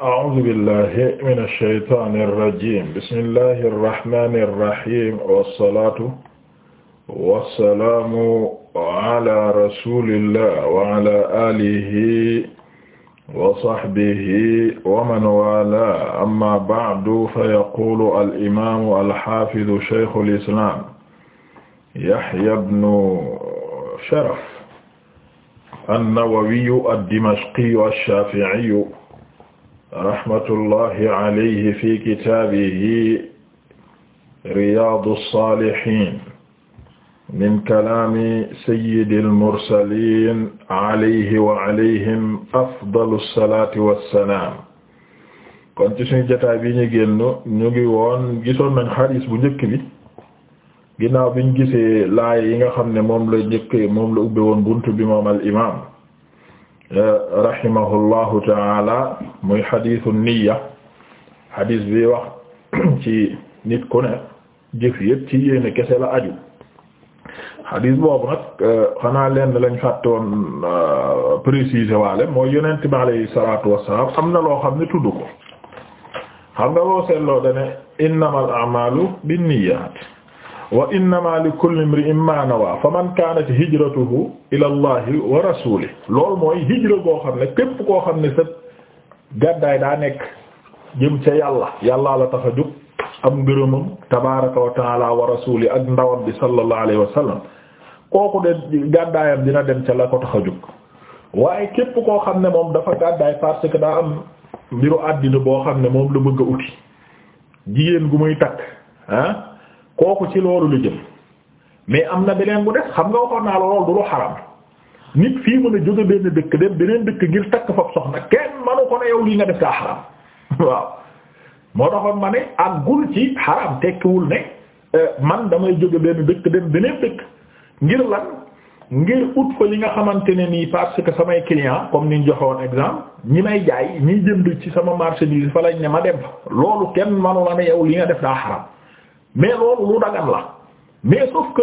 أعوذ بالله من الشيطان الرجيم بسم الله الرحمن الرحيم والصلاة والسلام على رسول الله وعلى آله وصحبه ومن والاه أما بعد فيقول الإمام الحافظ شيخ الإسلام يحيى بن شرف النووي الدمشقي الشافعي rahmatullahi alayhi fi kitaabihi riyaadu saalihiin min kalaami sayyidil mursaliin alayhi wa alayhim afdalu salaati wa salaam. kon ci suñu jotaay bi ñu génn ñu ngi woon gisoon nañ xadiis bu njëkk bi ginnaaw biñ gisee laay yi nga xam ne moom la njëkk moom la ubbe woon buntu bi moom al imaam. rahimahullahu taala muy xadiisu niya xadiis bi wax ci nit ku ne jëf yëpp ci yéene kese la aju xadiis boobu nag euh, xanaa lenn lañ fàttoon euh, préciser waale mooy yonent bi alayhi salaatu wassalaam am na loo xam ne tudd ko xam nga boo seetloo dane innamal a'maalu binniyaat wa innama li kulli imri'in ma nawa fa man kaanat hijratuhu ila allahi wa rasulih loolu mooy hijra boo xam ne képp koo xam ne sa gàddaay daa nekk jëm ca yàlla yàllaa la tax a jóg am ngërëmam tabaraka wa taala wa rasuli ak ndawam bi sallallahu alayhi wa sallam kooku de gàddaayam dina dem ca la ko tax a jóg waaye képp koo xam ne moom dafa gàddaay parce que daa am mbiru àddina boo xam ne moom la bëgg a uti jigéen gu muy takk ah, kooku ci loolu lu jëm mais am na beneen bu def xam nga waxoon naa loolu du lu xaram nit fii mën a jóge benn dëkk dem beneen dëkk ngir takk fa soxna kenn manu ko ne nga def kaa xaram waaw moo taxoon ma ne ak euh, man damay jóge benn dëkk dem beneen dëkk ngir lan ngir ut fa li nga xamante ne nii parce que samay client comme ni ñu joxewoon exemple ñi may jaay ñiy jënd ci sama marché bi fa lañ ne ma dem fa loolu kenn manu la ne yow li nga def daa xaram mais loolu lu dagan la mais sauf que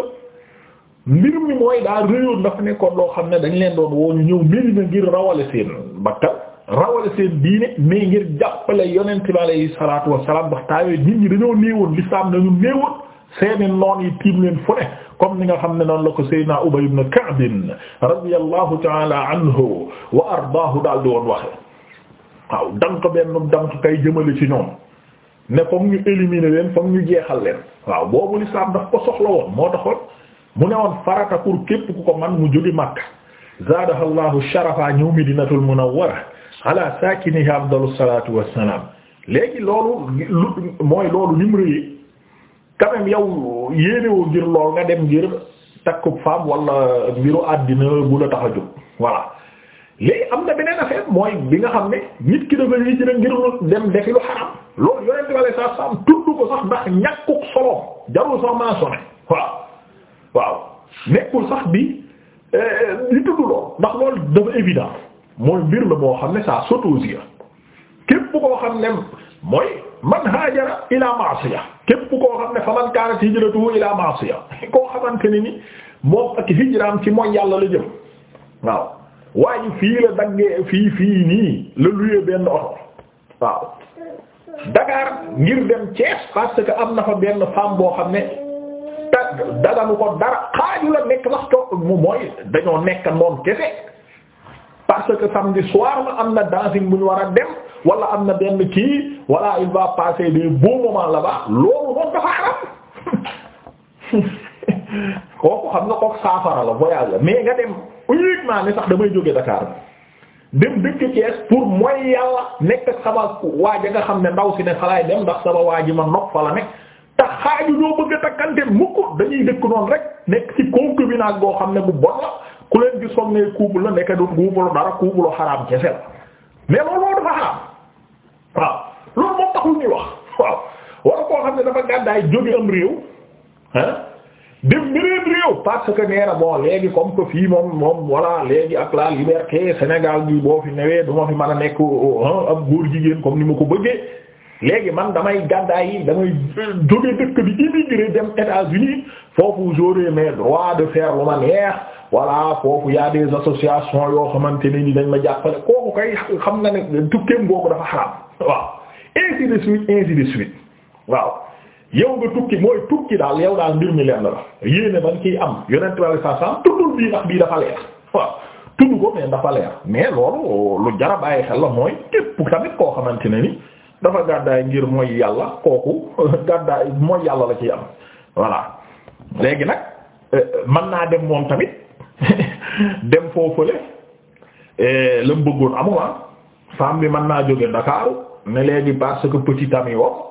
mbir mi mooy daa réyoon dafa nekkoon loo xam ne dañ leen doon woo ñu ñëw Medina ngir rawale seen bakkan rawale seen diine mais ngir jàppale yonent bi alayhi salaatu wassalaam ndax taa yooyu nit ñi dañoo néewoon lislaam dañu néewoon seeni noon yi tiim leen fu ne comme ni nga xam ne noonu la ko Seydina Ubay ibn Ka'b radiyallahu ta'ala anhu wa ardaahu daal di woon waxe waaw dank benn dank kay jëmale ci ñoom ne foog ñu éliminer leen foog ñu jeexal leen waaw boobu lislaam daf ko soxla woon moo taxoon mu ne woon farata pour képp ku ko man mu jógi Makka zaadaha llahu sharafa ñëw Madinatul Munawwara ala sakiniha afdalu salatu wassalaam léegi loolu lu mooy loolu ni mu rëyee quand yow yéenewoo ngir lool nga dem ngir takkub femme wala mbiru àddina bu la tax a jóg voilà léegi am na beneen affaire mooy bi nga xam ne nit ki dafa hijra ngir dem defi lu xaram loolu yonent bi alayhi salaatu tudd ko sax ndax ñàkkuk soloom jarul sax maa waaw waaw nekkul sax bi euh, euh, li tudd lool ndax loolu dafa évident mooy mbir la moo xam ne saa saute aux yeux képp koo xam ne mooy man haajara ila ma'siya képp koo xam ne fa man kaanat hijratuhu ila ma'siya koo xamante ni moom ak hijraam ci mooy yàlla la jëm waaw waaye fii la daggee fii fii nii la luyee benn oto waaw Dakar ngir dem Thiès parce que am na fa benn femme boo xam ne tag daganu ko dara xaaju la nekk wax to mu mooy dañoo nekk noonu kese parce que samedi soir la am na dancing bu ñu war a dem wala am na benn kii wala il va passer des bons moments là-bas loolu moom dafa aram kooku xam nga kook saafara la voyage la mais nga dem uniquement ne sax damay jóge Dakar dem dëkk Cees pour mooy yàlla nekk sama waaja nga xam ne ndaw si ne xalaay dem ndax sama waaji ma nopp fa la nekk te xaaju ñoo bëgg a takkante mukk dañuy dëkk noonu rek nekk ci concubinage xam ne bu la ku leen di soog nee couple la nekk doon couple dara couple xaraam kese la mais loolu moo dafa xaraam waaw loolu moom taxul ñuy wax waaw war koo xam ne dafa gàddaay jóge am réew ah dem beneen ñëw parce que nee bon léegi comme que fii moom moom voilà léegi ak la liberté Sénégal boo fi newee du ma fi mën a nekk ab góor jigéen comme ni ma ko bëggee léegi man damay gàddaa yi damay jóge dëkk bi immigré dem États-Unis foofu j'aurai mes droits de faire lu ma neex voilà foofu y'a des associations yoo xamante ne ni dañ ma jàppale kooku kay xam nga ne tukkeem googu dafa xaraam waaw ainsi de suite ainsi de suite waaw. yow nga tukki mooy tukki daal yow daal mbir mi lenn la yéene ba nga ciy am yonent bi saa saa tuddul bii ndax bii dafa leer waaw ko mais dafa leer mais loolu lu jar a bàyyi xel la mooy képp tamit koo xamante ne ni dafa gàddaay ngir mooy yàlla kooku gàddaay mooy yàlla la ciy am voilà. léegi nag euh, man naa dem moom tamit dem foofule euh, la mu bëggoon amuma ah, femme bi mën naa jóge Dakar ne léegi parce que petit ami wo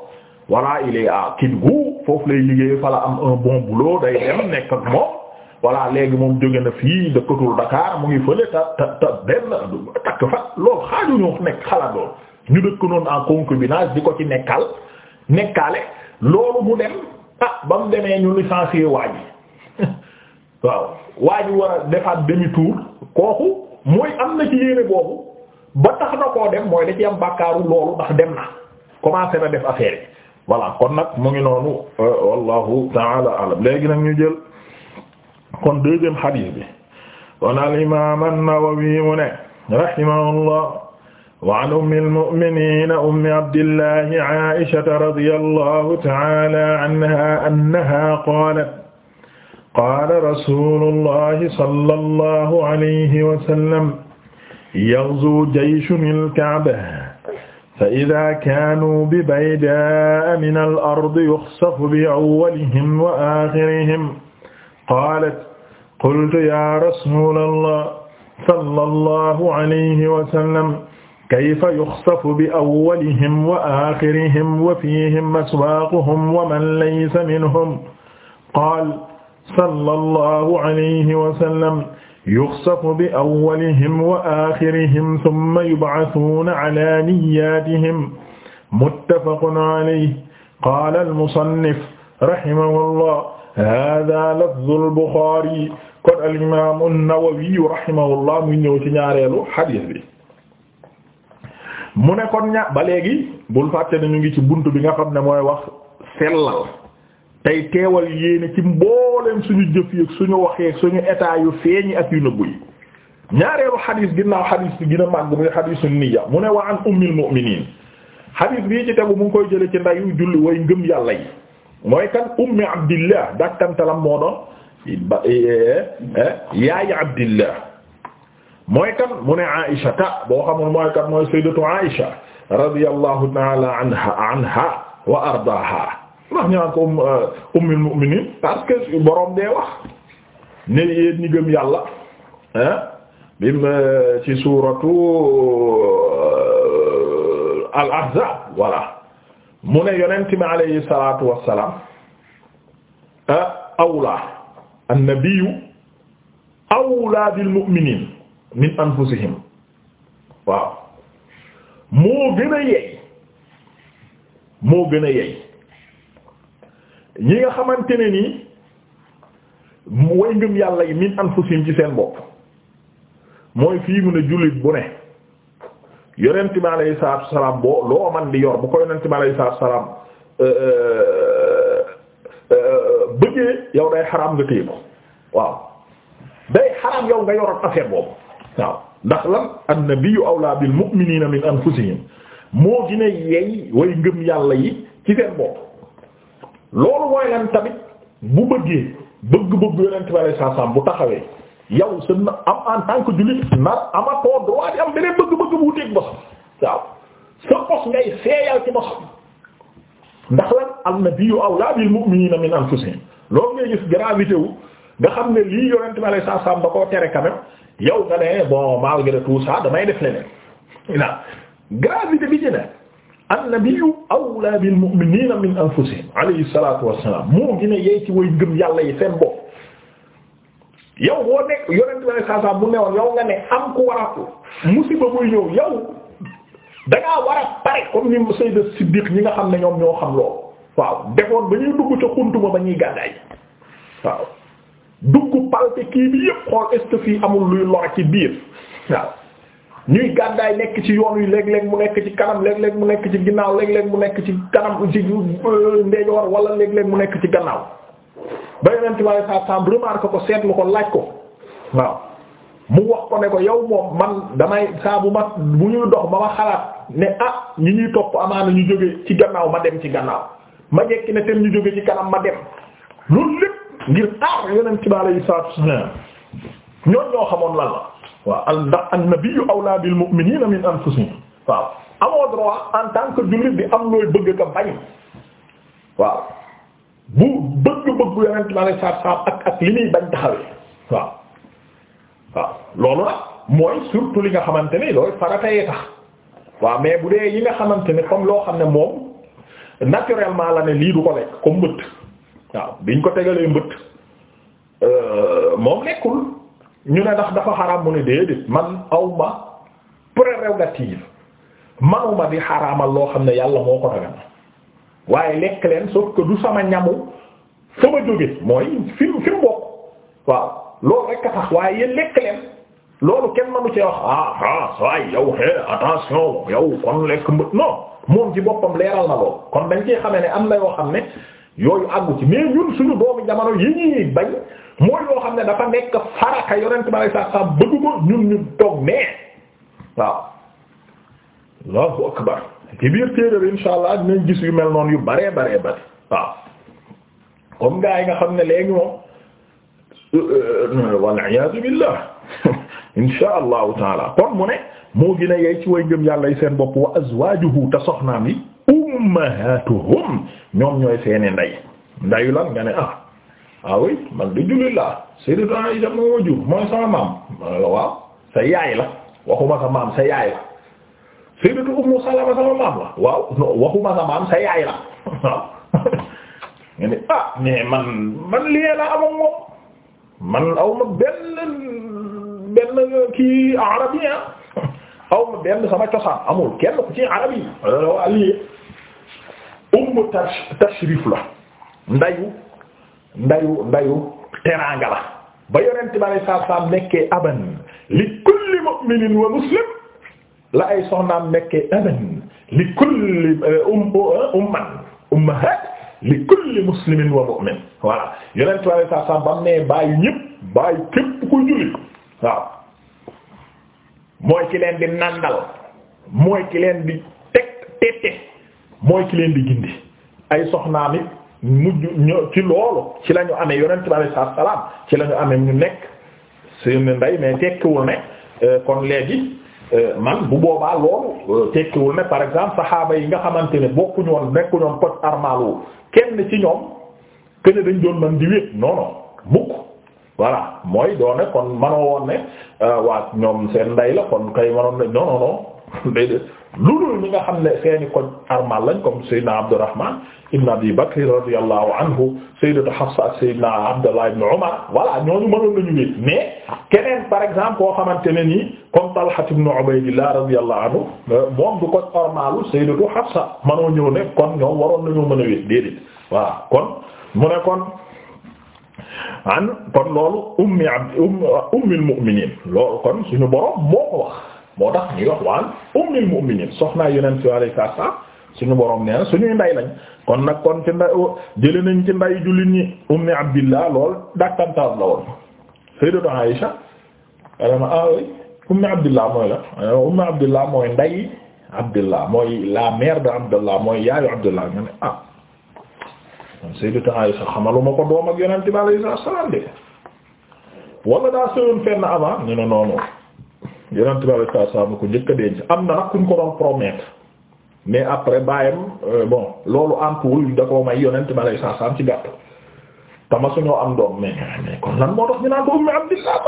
voilà il est à Kédougou foofu lay liggéey fa la am un bon boulot day dem nekk ak moom voilà léegi moom jóge na fii dëkkatul Dakar mu ngi fële ta ta takk fa loolu xaajuñoo nekk xalaat ñu dëkk noonu en concubinage di ko ci nekkal nekkaale loolu mu dem ah ba mu demee ñu licencié waa ji waaw waa war a defaat demi tour kooku mooy am na ci yéene boobu ba tax na koo dem mooy da ci am loolu ndax dem na commencé na def affaire voilà kon nag mu ngi noonu euh, wallahu taala alam léegi nag ñu jël kon deuxième hadith bi kon al imam an-Nawawi mu ne rahimahullah wa an ummi al-mu'minin ummi abdillah Aisha radiyallahu taala anha annaha qalat qala rasulullah sallallahu alayhi wa sallam yaghzu jayshun al-Ka'bah fa idaa kaanuu bi baydaa'a mina al-ardi yuxsafu bi awwalihim wa aaxirihim qaalat qultu yaa rasuulallaah sallallaahu alayhi wa sallam kayfa yuxsafu bi awwalihim wa aaxirihim wa fiihim aswaaquhum wa man laysa minhum qaala sallallaahu alayhi wa sallam yuxsafu bi awwalihim wa aaxirihim summa yub'asuuna calaa niyyaatihim muttafaqun calayhi qaala al-musannif rahimahullaah haadaa lafzul buxaari kon al-imaam an-nawawi rahimahullaah muy ñëw ci ñaareelu xadiis bi. mu ne kon ña ba léegi bul fàtte ne ñu ngi ci buntu bi nga xam ne mooy wax sellal. tey teewal yéene ci mbooleem suñu jëf yi suñu wax yi ak suñu état feeñi ak yu nëbbu yi ñaareelu xadis ginnaaw xadis bi gën a màgg muy xadisu niyya mu ne wa an ummil mu'minin yàlla mooy kan ummi abdillah dakkantalam moo doon eh, eh, eh, yaayi abdillah mooy kan mu ne aïsha ta boo xamul mooy kan mooy sayyidatu aïsha radiyallahu ta'ala anha wa ardaaha ndax ñu naan ko euh, ummul mu'minin parce que borom dee wax ne yéen ñi gëm yàlla ci suuratu euh, al-Ahzab mu ne yonent mi alayhi salaatu wa salaam ah awla an-nabiyyu awla bil mu'minin min anfusihim waaw moo gën a yey moo gën a yey ñi nga xamante ne nii way ngëm yàlla yi min anfusim ci seen bopp mooy fii mu ne jullit bu ne yonent bi alayhi salaatu salaam boo loo man di yor bu ko yonent bi alayhi salaam euh, euh, euh, bëggee yow day xaraam nga téye ko waaw day xaraam yow nga yoroon affaire boobu waaw ndax lan annabiyyu awlaa bil mu'miniina min anfusihim moo gën a yey way ngëm yàlla yi ci seen bopp loolu mooy lan tamit bu bëggee bëgg-bëgg yonent bi saa saam bu taxawee yow sa am en tant que jullit nar amatoo droit di am beneen bëgg-bëgg bu wuteeg bosam waaw sa bos ngay seeyal ci bosam ndax lan am na biyu awlaa bil mu'minina min anfusihim loolu ngay gis gravité wu nga xam ne lii yonent bi saa saam da koo tere quand même yow nga ne bon malgré tout ça damay def leneen. gravité bi ci annabiyyu awlaa bil mu'miniina min anfusihim alayhi salaatu wassalaam moo gën a ci way gëm yàlla yi seen bopp yow boo nekk yonent bi saa saa bu newoon yow nga ne am ku war a musiba muy ñëw yow da ngaa war comme ni Sayyid Siddiq ñi nga xam ne ñoom ñoo xam loolu waaw defoon ba ñuy dugg ca xuntuma ba ñuy gàddaay waaw dugg palte kii bi yëpp xool est amul luy lor ci biir waaw. ñuy gàddaay nekk ci yoon wi léeg-léeg mu nekk ci kanam léeg-léeg mu nekk ci ginnaaw léeg-léeg mu nekk ci kanam ci ndeejoor wala léeg-léeg mu nekk ci gannaaw ba yonent bi saa saam remarque ko ko laaj ko waaw mu wax ko ko yow moom man damay saa bu ma bu ñuy dox ba ma xalaat ne ah ñi ñuy topp amaana ñu jóge ci gannaaw ma dem ci gannaaw ma jekki ne tam ñu jóge ci kanam ma dem loolu lépp ngir aar yeneen bi yi salaatu wasallam ñoon ñoo xamoon lan la waaw al ndax annabiyyu awlaa bil mu'miniina min anfusihim waaw droit tant que bi am looy bëgg ka bañ waaw bu bëgg-bëgg yonent bi alayhi salaatu ak ak li muy bañ taxawee waaw waaw loolu nag mooy surtout li nga xamante ne looy faratayee tax waaw mais bu dee yi nga xamante ne comme loo xam ne moom naturellement la ne lii du ko lekk comme mbëtt waaw biñ ko tegalee mbëtt euh, moom lekkul ñu ne ndax dafa xaraam mu ne déedéet man awma prérogative manuma di xaraamal loo xam ne yàlla moo ko dagan waaye lekk leen sauf que sama ñamu fa jóge mooy fi fi mu waaw loolu rekk a tax waaye lekk leen loolu kenn manu ci wax ah ah saa yow hé attention yow kon lekk mbët non moom ci boppam leeral ma lool kon dañ ci xamee ne am na yoo xam ne yooyu àggu ci mais ñun suñu doomu jamono yi ñuy bañ mooy loo xam ne dafa nekk faraka yonent ba lay sax sax bëgg ko ñun ñu toog mais waaw allahu akbar ci biir téeréer insha allah gis yu mel noon yu baree baree bari waaw comme gaa yi nga xam ne lee moom euh, wal iyaadu billah insha allahu taala kon moo gën a ci way ngëm yàlla yi seen bopp wa azwaajuhu te soxnaam yi ummahatuhum ñoom ñooy seeni nday ndayu lan nga ne ah ah oui man de jullit laa Sayyidatu Aisha moo ma jur mooy sama maam ma la waaw sa yaay la waxuma sa maam sa yaay la Sayyidatu Ummu Salama sama maam la waaw waxuma sa maam sa yaay la waaw ah mais man man liee laa amag moom man aw ma benn benn kii arabien ah. aw ma benn sama cosaan amul kenn ku ci arab yi wala waa lii ummu tash tashrif la ndayu ndayu ndayu teraanga la ba yonent ba ne saab nekkee aban li kulli mu'minin wa muslim la ay soxnaam nekkee aban li kulli eh, um uh, umman ummahat li kulli muslimin wa mu'min voilà yonent ba ne saab ba mu bàyyi ñépp bàyyi képp kuy jullit waaw mooy ki leen di nandal mooy ki leen di teg tete mooy ki leen di gindi ay soxnaam it mujj ci loolu ci la ñu amee yonent bi alayhi salaatu salaam ci la ñu amee ñu nekk seen ndey mais tekkiwul ne euh, kon léegi euh, man bu boobaa loolu euh, tekkiwul ne par exemple saxaaba yi nga xamante ne bokkuñu woon nekkuñu woon pot armalu kenn ci ñoom que ne dañ doon man di wéet non non mukk mooy doone kon manoo woon ne waa ñoom seen ndey la kon kay manoon ne non lu dul ñi nga xam ne seeni koñ armal lañ comme Seydina Abdourahman ibn Abi Bakr radiyallahu anhu Sayyidatu Hafsa ak Seydina Abdallah ibn Umar voilà par exemple koo xamante ne nii comme Talha ibn Ubaydillah ko armalu Sayyidatu Hafsa mënoo ñëw ne kon ñoom mën a wéet déedéet voilà um, wax moo tax ñuy wax waan ummul mu'minin soxnaa yonent bi alayhi suñu borom nee na suñuy nday lañ kon nag kon ci nday jëlee nañ ci nday jullit ñi ummi abdillah lool dàkkantaab la woon sayyidatu Aisha adama ah ummi abdillah mooy la ummi abdillah mooy nday abdillah mooy la mère de abdillah mooy yaayu abdillah nga ne ah kon sayyidatu Aisha xamaluma ko doom ak yonent bi alayhi salaam de wala daa sëyoon fenn avant ñu ne noonu yonent bi alayhi salaatu ko njëkk a denc am na nag kuñ ko doon promettre mais après bàyyam euh, bon loolu antuwul da koo may yonent bi alayhi salaatu salaam ci gàtt tama suñoo am doom mais mais kon lan moo tax ñu naan ko ummi abdillah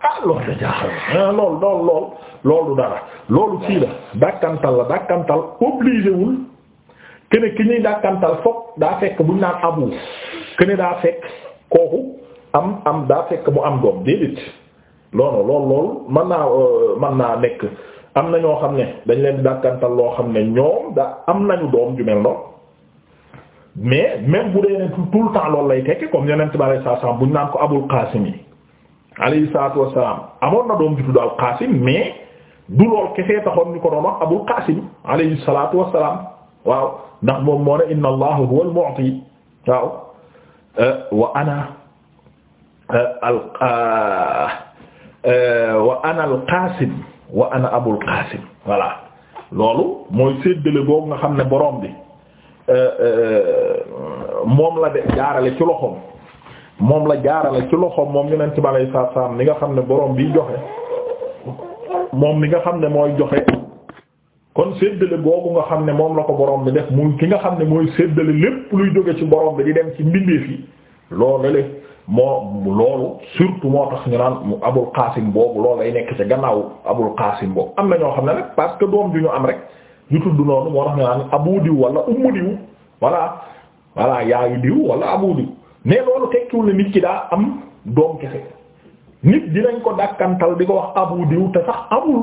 ah loolu da ah, loolu loolu lool loolu dara loolu fii la dàkkantal la dàkkantal obligé wul ki ñuy dàkkantal fokk daa fekk buñ naan abu kene daa fekk kooku am am daa fekk mu am doom déedéet loolu loolu loolu mën naa euh, man naa nekk am na ñoo xam ne dañ leen di dàkkantal loo xam ne ñoom da am nañu doom ju mel noonu mais même bu dee ne tout le temps loolu lay tekki comme yeneen ci bari saa saa bu ñu naan ko abul qaasim yi alayhi amoon na doom ju al qaasim mais du lool kese taxoon ñu ko doon wax abul qaasim waaw ndax moom moo ne inna allaha huwal mu'ti waaw euh, wa ana euh, al Euh, wa ana al qasim wa ana abul qasim voilà loolu mooy séddale boobu nga xam ne boroom bi euh, euh, moom la de jaarale ci loxoom moom la jaarale ci loxoom moom yonent bi alayhi salaatu ni nga xam ne borom bi joxe moom nga xam ne mooy joxe kon séddale boobu nga xam ne moom la ko borom bi def mu ki nga xam ne mooy séddale lépp luy jóge ci borom bi di dem ci mbindeef yi loolu le moo loolu surtout moo tax ñu naan mu abul qaasim boobu loolu lay nekk ca gannaaw abul qaasim boobu am na ñoo xam ne nag parce que doom ju ñu am rek ñu tudd noonu moo tax ñu naan abu diw wala ummu diw wala wala yaayu diw wala abu diw mais loolu tekkiwul ne nit ki daa am doom kese nit dinañ ko dàkkantal di ko wax abu diw te sax amul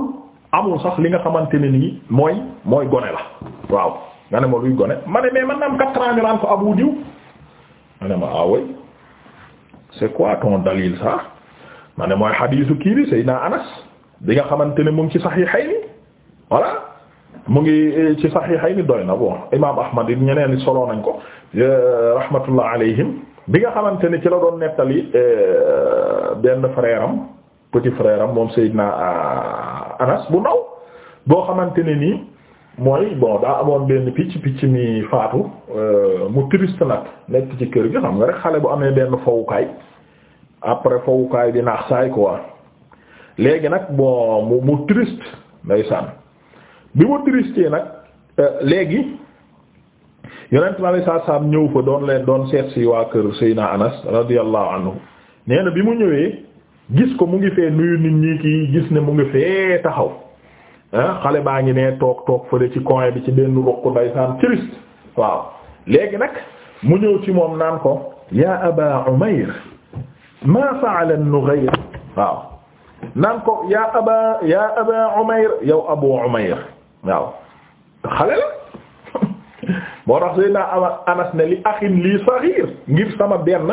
amul sax li nga xamante ne nii mooy mooy gone la waaw nga ne ma luy gone ma mais man na am quatre ans ñu naan ko abu diw ma ne ma ah c'est quoi ton dalil ça ma ne mooy xadiisu kii bi Seydina Anas bi nga xamante ne mu ngi ci Sahihayni voilà mu ngi eh, ci Sahihayni doy na bon imaam Ahmad it ñeneen i solo nañ ko eh, rahmatullah alayhim bi nga xamante ne ci la doon nettali eh, benn frère am petit frère moom Seydina ah, Anas bu ndaw boo xamante ne nii. mooy bon daa amoon benn picc picc mi faatu euh, mu triste nag nekk ci kër gi xam nga rek xale bu amee benn fowukaay après fowukaay bi naax saay quoi léegi nag bon mu mu triste ndeysaan bi mu tristee nag euh, léegi yonent ma lay saa saam ñëw fa doon leen doon seet si waa kër Seyna Anas radiyallahu anhu nee na bi mu ñëwee gis ko mu ngi fee nuyu nit ñi kii gis ne mu ngi fee taxaw. xale baa ngi ne toog toog fële ci coin bi ci benn ruq ndaysaan triste waaw léegi nag mu ñëw ci moom naan ko ya aba umayr ma fa'ala an-nughayr waaw naan ko ya aba ya aba abu umayr waaw xale la boo tax sëy naa anas ne li axin lii saxiir ngir sama benn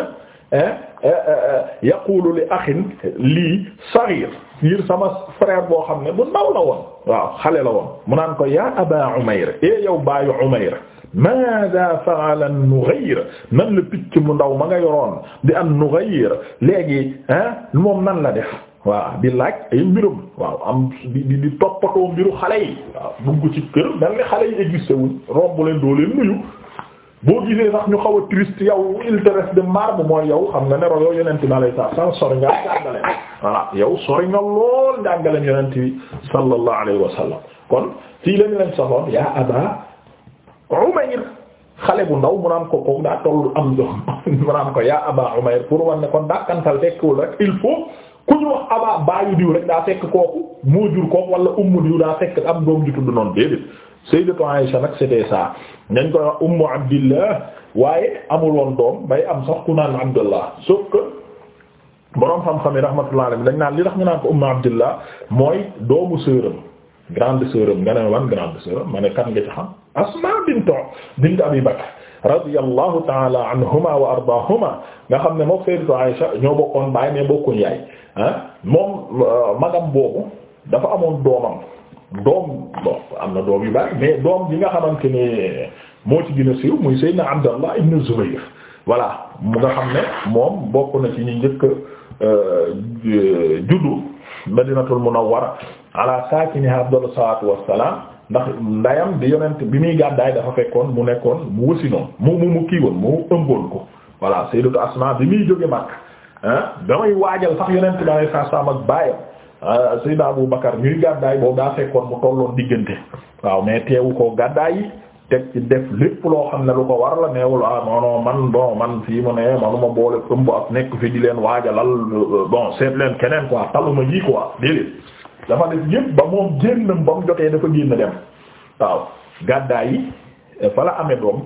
eh, eh, eh, yaqulu li axin lii saxiir ngir sama frère boo xam ne bu ndaw la woon waaw xale la mu naan ko yaa aba umayr e yow baayu umayr maada faala nughayr nan la picc mu ndaw ma nga yoroon di am nughayr léegi ah moom nan la def waaw bi laaj ay mbirum waaw am di di di toppatoo mbiru xale yi waaw bugg ci kër mel ni xale yi existé wuñ romb leen doo leen nuyu boo gisee sax ñu xaw a triste yow intérêt de marbre mooy yow xam nga ne royo yonent bi alayhi salaam sori nga jàngale voilà yow sori nga lool jàngaleem yonent bi sallallahu alayhi wa sallam kon fii lañu leen soxoon yaa Aba Umayr xale bu ndaw mu naan ko ko daa tollu am doom mu naan ko yaa Aba Umayr pour war ne kon dàkkantal rek il faut ku ñu wax Aba baayu diw rek daa fekk kooku moo jur kooku wala ummu diw daa fekk am doom ju tudd noonu déedéet sayyidatu Aisha nag c'était ça dañ koy wax ummu waaye amul woon doom bay am sax ku naan abdullah sauf que boroom xam-xam yi dañ naan li tax ñu naan ko ummu abdillah mooy doomu sœuram grande sœuram nga ne wan grande sœuram ma kan nga ci xam asma bint bint abi bakr radiyallahu taala anhuma wa ardaahuma nga xam ne moom sayyidatu Aisha ñoo bokkoon baay mais bokkuñ yaay ah moom euh, magam boobu dafa amoon doomam doom doom yu bari mais doom bi nga xamante ne moo ci gën a siiw muy Seydina Abdallah ibn Zubayr voilà mu nga xam ne moom bokk na ci ñi njëkk euh, juddu Madinatul Munawwara ala saakinihaa afdalu salaatu wassalaam ndax ndeyam di yonent bi muy gàddaay dafa fekkoon mu nekkoon mu wësinoon mu mu mu kii woon mu ëmboon ko voilà Sayyidatu Asmaa bi muy jóge Makka damay waajal sax yonent bi alayhi salaam ak baayam Ah, Seydina Abu Bakar ñuy gàddaay boobu daa fekkoon mu tolloon diggante waaw mais teewu ko gàddaay yi teg ci def lépp loo xam ne lu ko war la neewul ah non man bon man fii mu ne manuma boole ëmb ak nekk fi di leen waaja waajalal euh, bon seet leen keneen quoi taluma ji quoi déedéet dafa def yëpp ba moom génnam ba mu jotee dafa génn dem waaw gàddaay yi fa la amee doom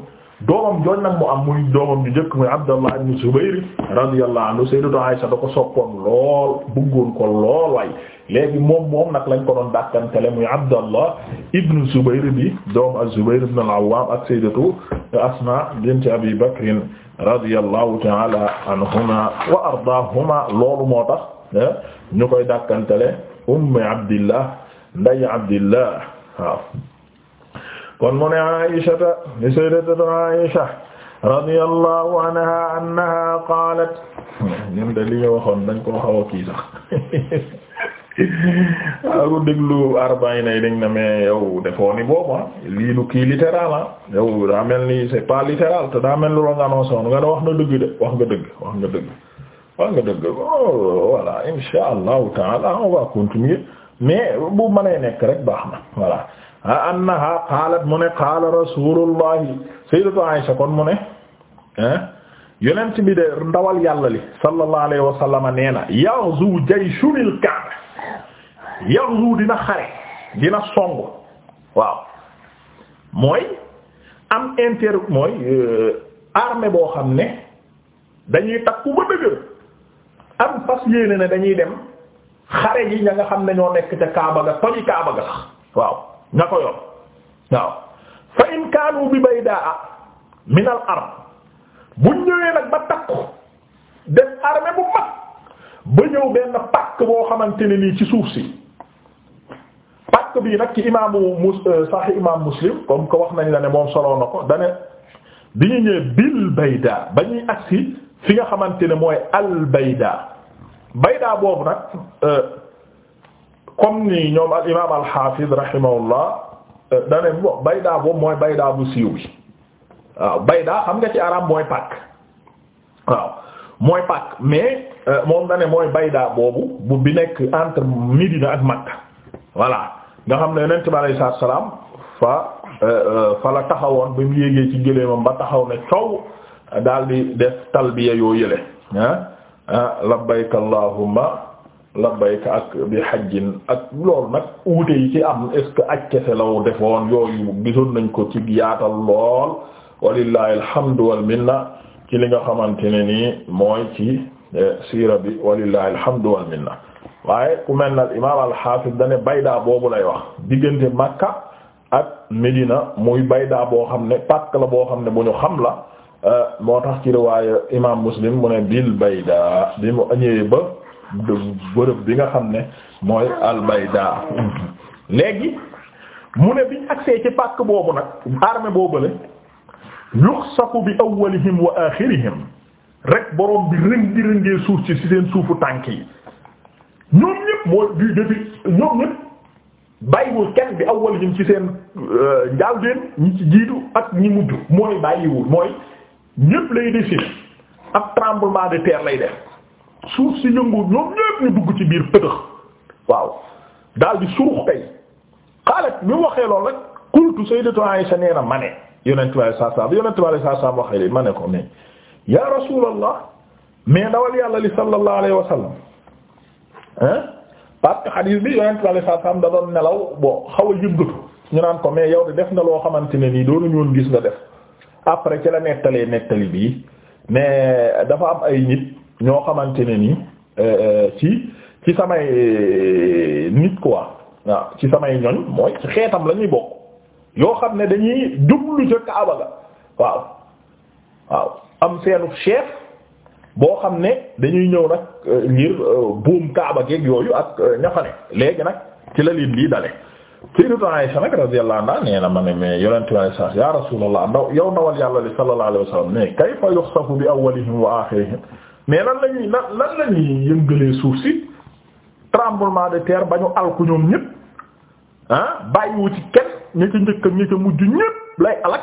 doomam joon nag mu am muy doomam ju njëkk muy Abdallah ibn Zubayr radiyallahu anhu sayyidatu Aisha da ko soppoon lool bëggoon ko moom moom nag lañ ko doon dàkkantele muy Abdallah ibn Zubayr bi doom az-Zubayr ibn al-Awwam ak sayyidatu bint Abi Bakr radiyallahu ta'ala anhuma wa ardaahuma loolu moo tax eh, ñu koy dàkkantele ummi Abdillah nday Abdillah kon mu ne aishata li sayyidatuna aisha radiyallahu anha annaha qaalat ñun de li ñu waxoon dañ ko xaw a kii sax aku déglu arbaay nay dañ na mais yow defoo ni ah, lii lu kii littéral ah yow daa mel ni c'est pas littéral te daa mel lu la nga annoncé woon nga ne wax na dëgg de wax nga dëgg wax nga dëgg wax nga dëgg oh, voilà insha allahu taala on va continuer mais bu mënee nekk rek baax na voilà annaha qaalat mu ne qaala rasulullahi sayyidatu Aisha kon mu ne yonent bi de ndawal yàlla li sallallahu alayhi wa sallam nee na yaghzu jayshul Kaaba yaghzu dina xare dina song waaw mooy am inter mooy euh, armée boo xam ne dañuy takku ba dëgër am fas ne dañuy dem xare yi ña nga xam ne ñoo nekk ca Kaaba ga toji Kaaba ga sax waaw nga ko yor waaw fa in bi baydaa min al ard bu ñëwee nag ba takku def armée bu mag ba ñëw benn pakk boo xamante ne nii ci suuf si pakk bii nag ci imaamu mus euh, sahih imaam muslim comme que wax nañ la ne moom soloo na ko dane bi ñu ñëwee bil bayda ba ñuy agsi fi nga xamante ne mooy al bayda bayda boobu nag euh, comme ni ñoom al imaam al xaafiz rahimahullah euh, dane boobu mooy baydaa bu siiw bi waaw baydaa xam nga ci arab mooy pàkk waaw mooy pàkk mais euh, moom dane mooy baydaa boobu bi nekk entre Médina ak Makka voilà nga xam ne yonent bi alayhi salaatu salaam fa euh, fa la taxawoon ba mu yéegee ci gëléemam ba taxaw ne coow daal di def talbiya yoo yële ah, ah labbayk labbayka ak bi xajjin ak loolu nag wuute yi ci am est ce que aj kese law defoon yooyu gisoon nañ ko ci yaatal lool walillahi alhamdu wal minna ci li nga xamante ne nii mooy ci eh, siira bi walillahi alhamdu wal minna waaye ku mel na al imaam al xaafis dane baydaa boobu lay wax diggante makka ak medina muy baydaa boo xam ne pàkk la boo xam ne bu ñu xam la eh, moo tax ci riwaaya imaam muslim mu ne bil baydaa bi mu añëwee ba bërëb bi nga xam ne mooy albayda léegi mu ne bi agsee ci pàkk boobu nag armée boobale yuxsafu bi awwalihim wa axirihim rek borom bi rëngi rëngee suuf ci seen suufu tànk yi ñoom ñëpp mooy du defi ñoom ñëpp bàyyiwul kenn bi awwalihim ci seen euh, njaal deen ñi ci jiitu ak ñi mujj mooy bàyyiwul mooy ñëpp lay defi ab tremblement de terre lay def suuf si yëngu ñoom ñépp ñu dugg ci biir pëtëx waaw daal di surux tey xaalat bi mu waxee loolu rek kultu sayyidatu Aisha nee na ma ne yonent bi saa saa bi yonent bi saa saa waxee lii ma ne ko mais ya rasulallah mais dawal yàlla li sallallahu alayhi wa sallam hein parce que xadiis bi yonent bi saa saa da nelaw boo xaw a yëngatu ñu naan ko mais yow de def na loo xamante ne nii a woon gis nga def après ci la nettalee nettali bii mais dafa am ay nit. ñoo xamante ne ni euh, euh, ci ci samay euh, nit quoi waa ci samay ñoñ mooy ci xeetam la ñuy bokk yoo xam ne dañuy jublu ca Kaaba ga waaw waaw am seenu chef boo xam ne dañuy ñëw nag ngir buum Kaaba geeg yooyu ak ñafane léegi nag ci la leen lii dale Sayyidatu Aisha nag radiyallahu anha nee na ma ne mais yonentu Yàlla sax ya Rasulullah ndaw yow ndawal yàlla li sallallahu alayhi wa sallam ne kayfa yuxsafu bi awwalihim wa axirihim mais lan lañuy lan lan lañuy yëngalee suuf si tremblement de terre ba ñu alku ñoom ñépp ah, bàyyiwu ci kenn ña ca njëkk ña ca mujj ñépp lay alak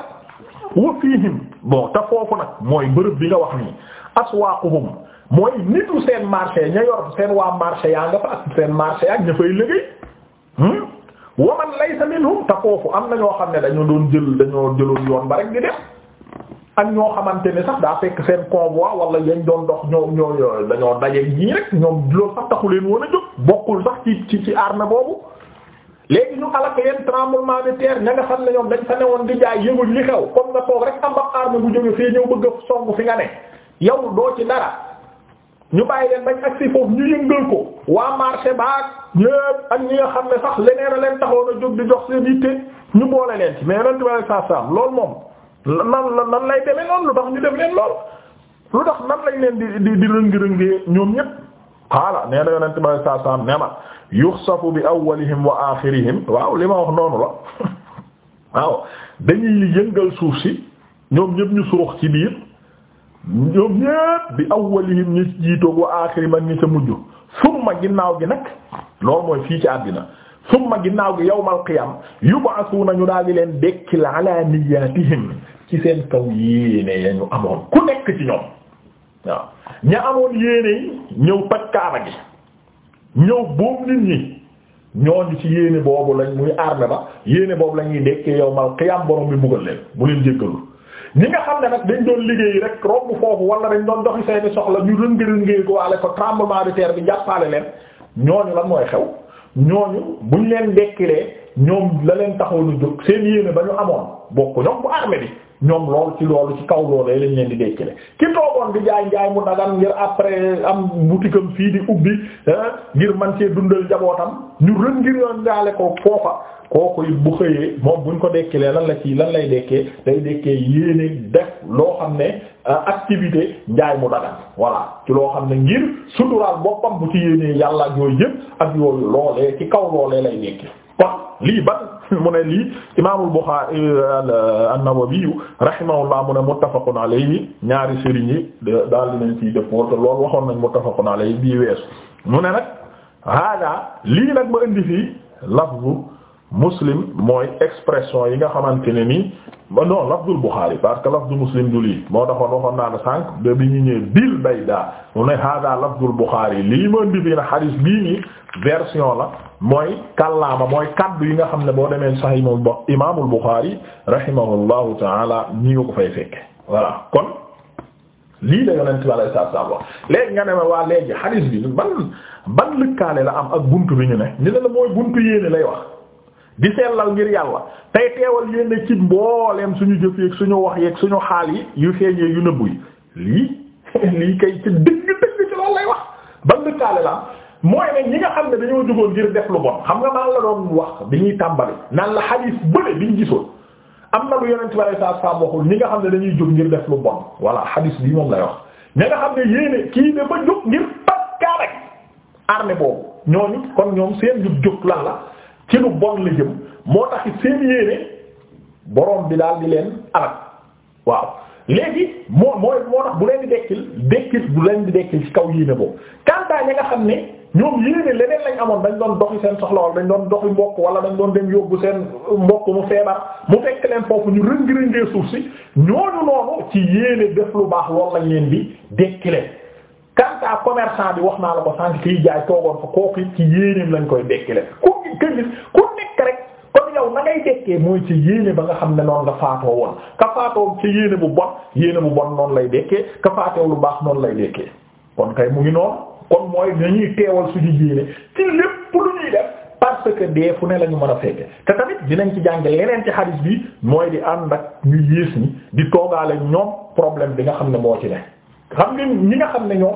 wa fiihim bon te foofu nag mooy bërëb bi nga wax nii aswaaquhum mooy nitu seen marché ña yor seen waa marché yaa nga fa ak seen marché ak ña fay liggéey hmm? waman laysa minhum te foofu am na ñoo xam ne dañoo doon jël dañoo jëloon yoon ba rek di def ak ñoo xamante ne sax daa fekk seen convoi wala yañ doon dox ñoo ñoo dañoo daje ñii rek ñoom loolu sax taxu leen woon a jóg bokkul sax ci ci ci arme boobu léegi ñu alak leen tremblement de terre ña nga xam ne ñoom dañ fa newoon di jaay yëguñ li xew comme nga toog rek am ba arme bu jóge fii ñëw bëgg a song fi nga ne yow doo ci dara ñu bàyyi leen bañ agsi foofu ñu yëngal ko waa marché baak ak ñi nga xam ne sax leneen leen taxoon a jóg di jox seen yitte ñu boole leen mais ren di loolu moom. nan la nan lay demee noonu lu tax ñu def leen lool lu tax nan lañ leen di di di rëng-rëngee ñoom ñépp xaala nee na yonente bi alei satu salaam ma yuxsafu bi awwalihim wa axirihim waaw li ma wax noonu la waaw dañuy yëngal suuf si ñoom ñépp ñu surux ci biir ñoom ñépp bi awwalihim ñu jiitoog wa axirihim ak ñi ca mujj summa ginnaaw gi nag loolu mooy fii ci àddina summa ginnaaw gi yawmal qiyaam na ñu daal di leen la ala niyyatihim ci seen kaw yéene ya ñu amoon ku nekk ci ñoom waaw ña amoon yéene yi ñëw toj kaaba gi ñëw boobu nit ñi ñooñu ci yéene boobu lañ muy arme ba yéene boobu la ñuy dekkee yow mal xiyam borom bi mbugal leen mu leen jéggalu ñi nga xam ne nag dañ doon liggéey rek romb foofu wala dañ doon doxi seeni soxla ñu rënga rëngéey ko waale ko tremblement de terre bi jàppaale leen ñooñu lan mooy xew ñooñu buñ leen de ñoom la leen taxoon a jóg seen yéene ba ñu amoon bokk ñoom lool ci loolu ci kaw loolee lañ leen di dekkile ki toogoon di jaay njaay mu dagan ngir après am boutique am fii di ubbi ngir man cee dundal njabootam ñu rën ngir yoon daale ko foofa kooku it bu xëyee moom buñ ko dekkilee lan la ci lan lay dekkee day dekkee yéene def loo xam ne euh, activité njaay mu dagan voilà ci loo xam ne ngir suturaal boppam bu ci yéenee yàlla ak yooyu yëpp ak yooyu loolee ci kaw loolee lay dekkee lii ban mu ne lii imaamul Buxaari euh, an-Nawawi rahimahullah mu ne muttafaqun alayhi ñaari sëriñ yi daal dinañ ciy def loolu waxoon nañ muttafaqun alayhi bii weesu. mu ne nag hada lii nag ma indi fii lafzu muslim mooy expression yi nga xamante ne nii non lafzul Buxaari parce que lafzu muslim du lii moo taxoon waxoon naa la sànq ba bi ñu ñëwee bil bayda mu ne hada lafzul Buxaari lii ma indi fii nag xadiis bii nii version la. mooy kàllaama mooy kaddu yi nga xam ne boo demee sax imaamul Buxaari rahimahullahu taala ñi nga ko fay fekke voilà kon lii la yonent bi alayhi salaatu salaam wax léegi nga ne ma waa léegi hadith bi ban ban lëkkaale la am ak buntu bi ñu ne ñu ne la mooy buntu yéene lay wax di sellal ngir yàlla tey teewal yéene ci mbooleem suñu jëf yeeg suñu wax yeeg suñu xaal yi yu feeñee yu nëbbu yi lii lii kay ci dëgg dëgg ci loolu lay wax ban lëkkaale la am mooy ne ñi nga xam ne dañoo jugoon ngir def lu bon xam nga maa la doon wax bi ñuy tàmbali naan la xadiis bële bi ñu gisoon am na lu yonent bi sallallahu alayhi wasallam waxul ñi nga xam ne dañuy jóg ngir def lu bon voilà xadiis bi moom lay wax ñi nga xam ne yéene kii ne ba jóg ngir pakkaa rek armée boobu ñooñu kon ñoom seen jug jóg lan la ci lu bon la moo tax seen yéene boroom bi daal di leen alal waaw léegi moo mooy moo tax bu leen di dekkil dekkil bu leen di dekkil ci kaw yéene boobu kantaa ñi nga ñoom yéene leneen lañ amoon dañ doon doxi seen soxla wala dañ doon doxi mbokk wala dañ doon dem yóbbu seen mbokk mu feebar mu fekk leen foofu ñu rëng-rëngee suuf si ñooñu noonu ci yéene def lu baax loolu lañ leen bi dekki leen kanta commerçant bi wax naa la ko sànq kiy jaay toogoon fa kooku ci yéeneem lañ koy dekki leen ku kë gis ku nekk rek kon yow na dekkee mooy ci yéene ba nga xam ne noonu nga faatoo woon ka faatoo ci yéene bu bon yéene bu bon noonu lay dekkee ka faatoo baax noonu lay dekkee kon kay mu kon mooy dañuy teewal suñu diine ci lépp lu ñuy def parce que dee fu ne la ñu mën a fekke te tamit dinañ ci jàngale yeneen ci xadis bi mooy di ànd ak ñu yées di toogaale ñoom problème bi nga xam ne moo ci xam nga ñi nga xam ne ñoom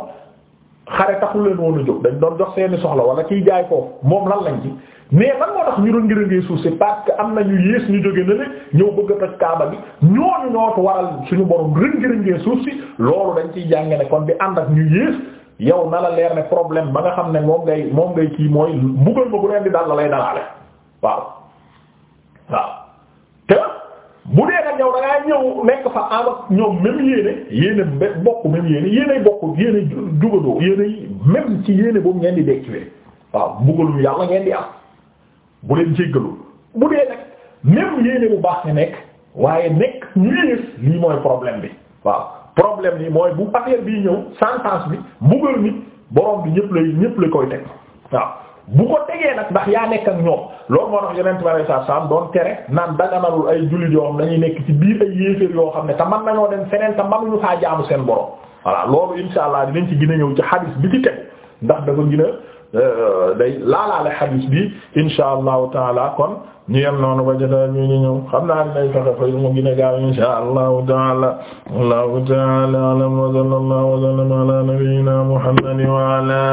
xare taxul leen woon a jox seeni soxla wala kiy jaay foofu moom lan lañ ci mais lan moo tax ñu suuf si parce am na ñu yées ñu jóge na ne ñëw bëgg a toj kaaba bi ñooñu ñootu waral suñu borom rëngërëngee suuf si loolu dañ ciy jàng ne kon di ànd ak ñu yées yow na la leer ne problème ba nga xam ne moom ngay moom ngay kii mooy mbugal ma bu leen di dal la lay dalaale waaw waaw te bu dee nag yow da ñëw nekk fa ànd ak ñoom même yéene yéene bokk même yéene yéenay bokk yéenay jugandoo yéenay même ci yéene boobu ngeen di décliné waaw mbugalum yàlla ngeen di am bu leen jéggalul bu dee nag même yéene bu baax ne nekk waaye nekk ñu yées lii mooy problème bi waaw. problème yi mooy bu affaire bii ñëw sentence bi mbugal mi borom bi ñëpp lay ñëpp la koy teg waaw bu ko tegee nag ndax yaa nekk ak ñoom loolu moo tax yeneen tubaab yi saa saam doon tere naan daganalul ay jullit yoo xam dañuy nekk ci biir ay yéeféer yoo xam ne te man nañoo dem feneen te mënuñu faa jaamu seen borom. voilà loolu insha allah dañ ci gën a ñëw ci xadis bi ci tegu ndax dafa gën a euh, day laalaale xadis bi insha allahu taala kon. ñu yem noonu ba jotaay bi ñu ñëw xam naa ne fexe fa yu mu gën a gaaw inshaa Allahu ta'ala Allahu ta'ala a'lam wa sallallahu wa sallama ala nabiyyina Muhammad wa ala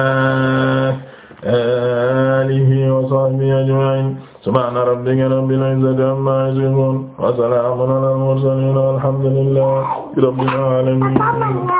alihi wa sahbihi ajma'in subhana rabbika rabbil izzati amma yasifun wa salamun ala al mursalin walhamdulillahi rabbil alamin